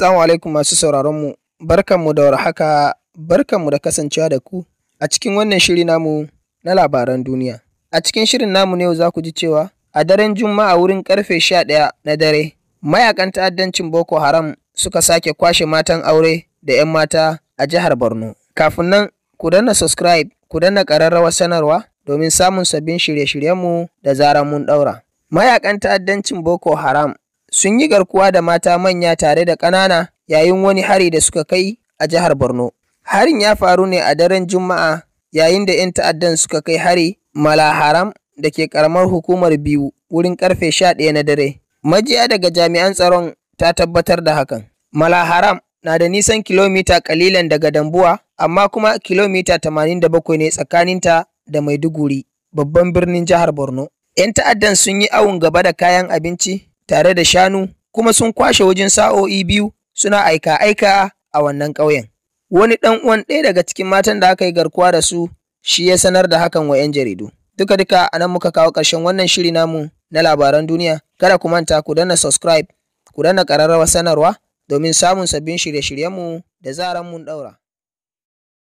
Assalamu alaikum masu sauraronmu, barkanmu da warhaka, barkanmu da kasancewa da ku a cikin wannan shiri namu na labaran duniya. A cikin shirin namu ne za ku ji cewa a daren Juma'a wurin karfe sha ɗaya na dare, mayakan ta'addancin Boko Haram suka sake kwashe matan aure da 'yan mata a jihar Borno. Kafin nan, ku danna subscribe, ku danna ƙararrawar sanarwa domin samun sabbin shirye-shiryenmu da zarar mun ɗaura. Mayakan ta'addancin Boko Haram sun yi garkuwa da mata manya tare da ƙanana yayin wani hari da suka kai a jihar Borno. Harin ya faru ne a daren Juma'a yayin da 'yan ta'addan suka kai hari Malaharam da ke karamar hukumar biyu wurin karfe ɗaya na dare. Majiya daga jami'an tsaron ta tabbatar da hakan. Malaharam na da nisan kilomita kalilan daga Dambuwa, amma kuma kilomita tamanin da bakwai ne tsakaninta da Maiduguri, babban birnin jihar Borno. 'Yan ta'addan sun yi awon gaba da kayan abinci, tare da shanu kuma sun kwashe wajen sa'o'i biyu suna aika-aika a wannan ƙauyen. Wani ɗan uwan ɗaya daga cikin matan da aka yi garkuwa da su shi ya sanar da hakan wa 'yan jaridu. Duka-duka a nan muka kawo ƙarshen wannan shiri namu na labaran duniya. Kada ku manta ku danna subscribe, ku danna ƙararrawar sanarwa domin samun sabbin shirye-shiryenmu da zaran mun ɗaura.